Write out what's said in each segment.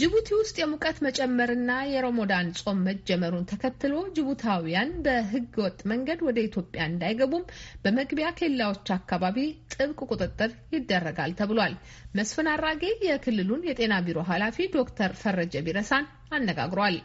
ጅቡቲ ውስጥ የሙቀት መጨመርና የሮሞዳን ጾም መጀመሩን ተከትሎ ጅቡታውያን በሕገ ወጥ መንገድ ወደ ኢትዮጵያ እንዳይገቡም በመግቢያ ኬላዎች አካባቢ ጥብቅ ቁጥጥር ይደረጋል ተብሏል። መስፍን አራጌ የክልሉን የጤና ቢሮ ኃላፊ ዶክተር ፈረጀ ቢረሳን አነጋግሯል።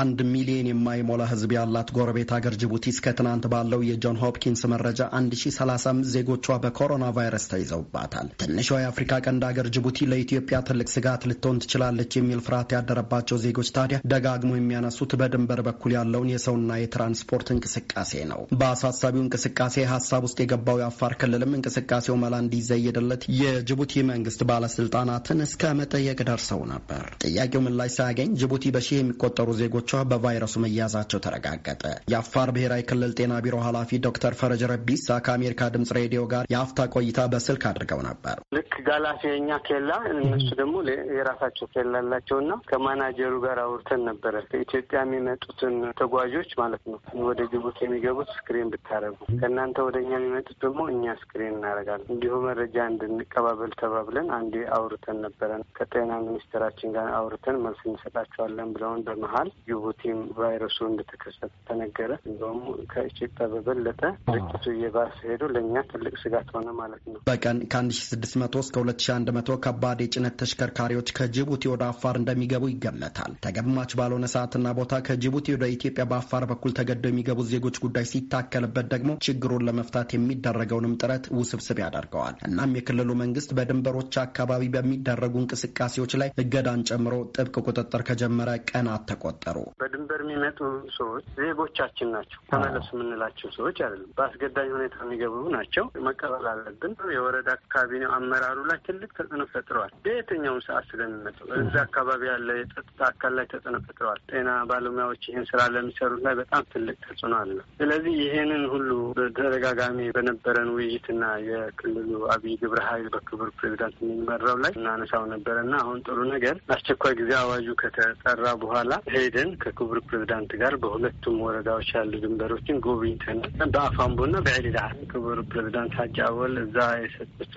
አንድ ሚሊዮን የማይሞላ ህዝብ ያላት ጎረቤት ሀገር ጅቡቲ እስከ ትናንት ባለው የጆን ሆፕኪንስ መረጃ 1035 ዜጎቿ በኮሮና ቫይረስ ተይዘውባታል። ትንሿ የአፍሪካ ቀንድ ሀገር ጅቡቲ ለኢትዮጵያ ትልቅ ስጋት ልትሆን ትችላለች የሚል ፍርሃት ያደረባቸው ዜጎች ታዲያ ደጋግሞ የሚያነሱት በድንበር በኩል ያለውን የሰውና የትራንስፖርት እንቅስቃሴ ነው። በአሳሳቢው እንቅስቃሴ ሀሳብ ውስጥ የገባው የአፋር ክልልም እንቅስቃሴው መላ እንዲዘየድለት የጅቡቲ መንግስት ባለስልጣናትን እስከ መጠየቅ ደርሰው ነበር። ጥያቄው ምላሽ ሳያገኝ ጅቡቲ በሺህ የሚቆጠሩ ዜጎች ዜጎቿ በቫይረሱ መያዛቸው ተረጋገጠ። የአፋር ብሔራዊ ክልል ጤና ቢሮ ኃላፊ ዶክተር ፈረጅ ረቢሳ ከአሜሪካ ድምጽ ሬዲዮ ጋር የአፍታ ቆይታ በስልክ አድርገው ነበር። ልክ ጋላፊ የኛ ኬላ፣ እነሱ ደግሞ የራሳቸው ኬላ አላቸው እና ከማናጀሩ ጋር አውርተን ነበረ። ከኢትዮጵያ የሚመጡትን ተጓዦች ማለት ነው ወደ ጅቡቲ የሚገቡት ስክሪን ብታደረጉ፣ ከእናንተ ወደ እኛ የሚመጡት ደግሞ እኛ ስክሪን እናደርጋለን። እንዲሁ መረጃ እንድንቀባበል ተባብለን አንዴ አውርተን ነበረን። ከጤና ሚኒስትራችን ጋር አውርተን መልስ እንሰጣቸዋለን ብለውን በመሀል ጅቡቲም ቫይረሱ እንደተከሰተ ተነገረ። እንደውም ከኢትዮጵያ በበለጠ ድርጅቱ እየባሰ ሄዶ ለእኛ ትልቅ ስጋት ሆነ ማለት ነው። በቀን ከአንድ ሺ ስድስት መቶ እስከ ሁለት ሺ አንድ መቶ ከባድ የጭነት ተሽከርካሪዎች ከጅቡቲ ወደ አፋር እንደሚገቡ ይገመታል። ተገማች ባልሆነ ሰዓትና ቦታ ከጅቡቲ ወደ ኢትዮጵያ በአፋር በኩል ተገደው የሚገቡ ዜጎች ጉዳይ ሲታከልበት ደግሞ ችግሩን ለመፍታት የሚደረገውንም ጥረት ውስብስብ ያደርገዋል። እናም የክልሉ መንግስት በድንበሮች አካባቢ በሚደረጉ እንቅስቃሴዎች ላይ እገዳን ጨምሮ ጥብቅ ቁጥጥር ከጀመረ ቀናት ተቆጠ ተፈጠሩ። በድንበር የሚመጡ ሰዎች ዜጎቻችን ናቸው። ተመለሱ የምንላቸው ሰዎች አይደለም። በአስገዳጅ ሁኔታ የሚገቡ ናቸው። መቀበል አለብን። የወረዳ ካቢኔው አመራሩ ላይ ትልቅ ተጽዕኖ ፈጥረዋል። በየትኛውም ሰዓት ስለሚመጡ እዚ አካባቢ ያለ የጸጥታ አካል ላይ ተጽዕኖ ፈጥረዋል። ጤና ባለሙያዎች ይህን ስራ ለሚሰሩት ላይ በጣም ትልቅ ተጽዕኖ አለ። ስለዚህ ይህንን ሁሉ በተደጋጋሚ በነበረን ውይይትና የክልሉ አብይ ግብረ ኃይል በክቡር ፕሬዚዳንት የሚመራው ላይ እናነሳው ነበረና አሁን ጥሩ ነገር አስቸኳይ ጊዜ አዋጁ ከተጠራ በኋላ ሄደ ሄደን ከክቡር ፕሬዚዳንት ጋር በሁለቱም ወረዳዎች ያሉ ድንበሮችን ጎብኝተናል። በአፋምቦና በኤሊዳ ክቡር ፕሬዚዳንት ሀጂ አወል እዛ የሰጡት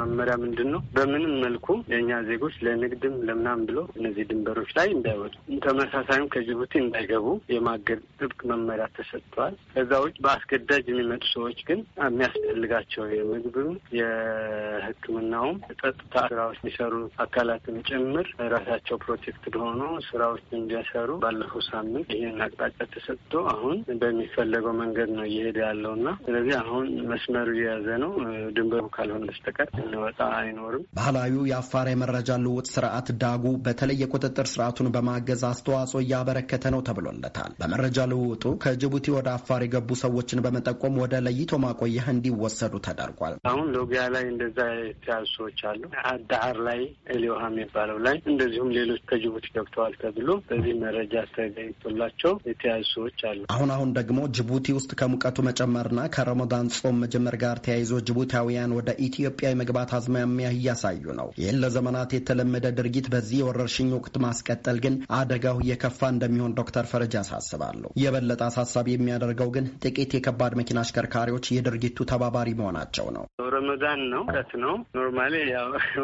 መመሪያ ምንድን ነው? በምንም መልኩ የእኛ ዜጎች ለንግድም ለምናም ብሎ እነዚህ ድንበሮች ላይ እንዳይወጡ፣ ተመሳሳይም ከጅቡቲ እንዳይገቡ የማገድ ጥብቅ መመሪያ ተሰጥቷል። ከዛ ውጭ በአስገዳጅ የሚመጡ ሰዎች ግን የሚያስፈልጋቸው የምግብም የሕክምናውም ጸጥታ ስራዎች የሚሰሩ አካላትም ጭምር ራሳቸው ፕሮቴክትድ ሆኖ ስራዎች እንዲያሰሩ ባለፈው ሳምንት ይህን አቅጣጫ ተሰጥቶ አሁን በሚፈለገው መንገድ ነው እየሄደ ያለው እና ስለዚህ አሁን መስመሩ የያዘ ነው። ድንበሩ ካልሆነ በስተቀር እንወጣ አይኖርም። ባህላዊው የአፋር የመረጃ ልውጥ ስርዓት ዳጉ በተለይ የቁጥጥር ስርዓቱን በማገዝ አስተዋጽኦ እያበረከተ ነው ተብሎለታል። በመረጃ ልውጡ ከጅቡቲ ወደ አፋር የገቡ ሰዎችን በመጠቆም ወደ ለይቶ ማቆያ እንዲወሰዱ ተደርጓል። አሁን ሎጊያ ላይ እንደዛ የተያዙ ሰዎች አሉ። አዳር ላይ ኤሊውሃ የሚባለው ላይ እንደዚሁም ሌሎች ከጅቡቲ ገብተዋል ተብሎ በዚህ መረጃ መረጃ ተገኝቶላቸው የተያዙ ሰዎች አሉ። አሁን አሁን ደግሞ ጅቡቲ ውስጥ ከሙቀቱ መጨመርና ከረመዳን ጾም መጀመር ጋር ተያይዞ ጅቡታውያን ወደ ኢትዮጵያ የመግባት አዝማሚያ እያሳዩ ነው። ይህን ለዘመናት የተለመደ ድርጊት በዚህ የወረርሽኝ ወቅት ማስቀጠል ግን አደጋው እየከፋ እንደሚሆን ዶክተር ፈረጅ ያሳስባሉ። የበለጠ አሳሳቢ የሚያደርገው ግን ጥቂት የከባድ መኪና አሽከርካሪዎች የድርጊቱ ተባባሪ መሆናቸው ነው። ረመዳን ነው ረት ነው ኖርማሊ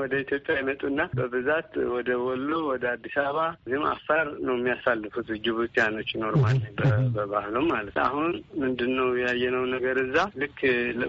ወደ ኢትዮጵያ ይመጡና በብዛት ወደ ወሎ፣ ወደ አዲስ አበባ ዚም አፋር ነው የሚያሳ ያሳልፉት ጅቡቲያኖች ኖርማል በባህሉ ማለት አሁን ምንድን ነው ያየነው ነገር እዛ ልክ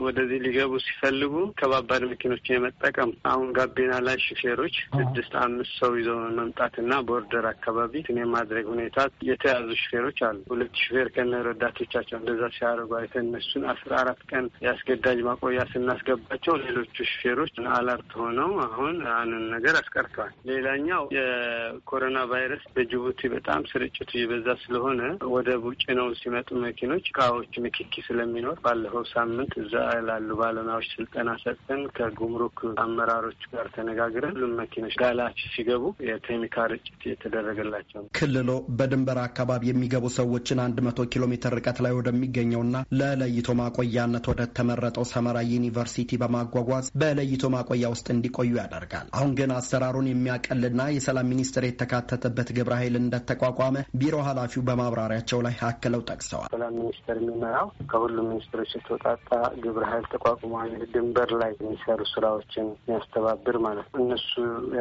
ወደዚህ ሊገቡ ሲፈልጉ ከባባድ መኪኖችን የመጠቀም አሁን ጋቢና ላይ ሹፌሮች ስድስት አምስት ሰው ይዘው መምጣትና ቦርደር አካባቢ ትኔ ማድረግ ሁኔታ የተያዙ ሹፌሮች አሉ። ሁለት ሹፌር ከነ ረዳቶቻቸው እንደዛ ሲያደርጉ አይተን እነሱን አስራ አራት ቀን የአስገዳጅ ማቆያ ስናስገባቸው ሌሎቹ ሹፌሮች አላርት ሆነው አሁን አንን ነገር አስቀርተዋል። ሌላኛው የኮሮና ቫይረስ በጅቡቲ በጣም ስርጭቱ የበዛ ስለሆነ ወደ ቡጭ ነው ሲመጡ መኪኖች እቃዎች ንክኪ ስለሚኖር ባለፈው ሳምንት እዛ ላሉ ባለሙያዎች ስልጠና ሰጠን። ከጉምሩክ አመራሮች ጋር ተነጋግረን ሁሉም መኪኖች ጋላች ሲገቡ የኬሚካል ርጭት የተደረገላቸው ክልሎ በድንበር አካባቢ የሚገቡ ሰዎችን አንድ መቶ ኪሎ ሜትር ርቀት ላይ ወደሚገኘውና ለለይቶ ማቆያነት ወደ ተመረጠው ሰመራ ዩኒቨርሲቲ በማጓጓዝ በለይቶ ማቆያ ውስጥ እንዲቆዩ ያደርጋል። አሁን ግን አሰራሩን የሚያቀልና የሰላም ሚኒስቴር የተካተተበት ግብረ ኃይል እንደተቋቋመ እንደተቋቋመ ቢሮ ኃላፊው በማብራሪያቸው ላይ አክለው ጠቅሰዋል። ሰላም ሚኒስቴር የሚመራው ከሁሉም ሚኒስትሮች የተወጣጣ ግብረ ኃይል ተቋቁሟል። ድንበር ላይ የሚሰሩ ስራዎችን የሚያስተባብር ማለት ነው። እነሱ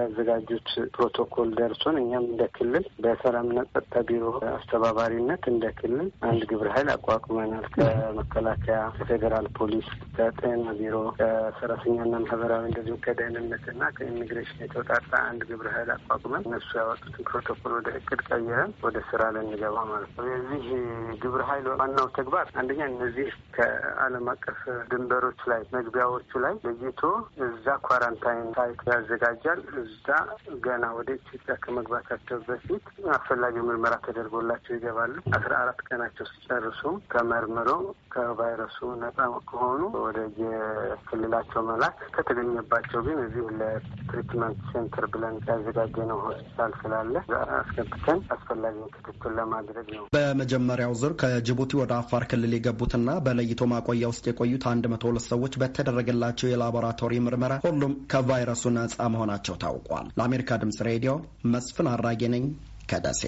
ያዘጋጁት ፕሮቶኮል ደርሶን እኛም እንደ ክልል በሰላምና ጸጥታ ቢሮ አስተባባሪነት እንደ ክልል አንድ ግብረ ኃይል አቋቁመናል። ከመከላከያ፣ ከፌዴራል ፖሊስ፣ ከጤና ቢሮ፣ ከሰራተኛና ማህበራዊ እንደዚሁም ከደህንነትና ከኢሚግሬሽን የተወጣጣ አንድ ግብረ ኃይል አቋቁመን እነሱ ያወጡትን ፕሮቶኮል ወደ እቅድ ቀይረን ወደ ስራ ልንገባ ማለት ነው። የዚህ ግብረ ኃይል ዋናው ተግባር አንደኛ እነዚህ ከዓለም አቀፍ ድንበሮች ላይ መግቢያዎቹ ላይ ለይቶ እዛ ኳራንታይን ሳይት ያዘጋጃል። እዛ ገና ወደ ኢትዮጵያ ከመግባታቸው በፊት አስፈላጊው ምርመራ ተደርጎላቸው ይገባሉ። አስራ አራት ቀናቸው ሲጨርሱም ተመርምሮ ከቫይረሱ ነጻ ከሆኑ ወደ የክልላቸው መላክ ከተገኘባቸው ግን እዚህ ለትሪትመንት ሴንተር ብለን ያዘጋጀነው ሆስፒታል ስላለ አስገብተን አስፈላጊውን ክትትል ለማድረግ ነው። በመጀመሪያው ዙር ከጅቡቲ ወደ አፋር ክልል የገቡትና በለይቶ ማቆያ ውስጥ የቆዩት አንድ መቶ ሁለት ሰዎች በተደረገላቸው የላቦራቶሪ ምርመራ ሁሉም ከቫይረሱ ነጻ መሆናቸው ታውቋል። ለአሜሪካ ድምጽ ሬዲዮ መስፍን አራጌ ነኝ ከደሴ።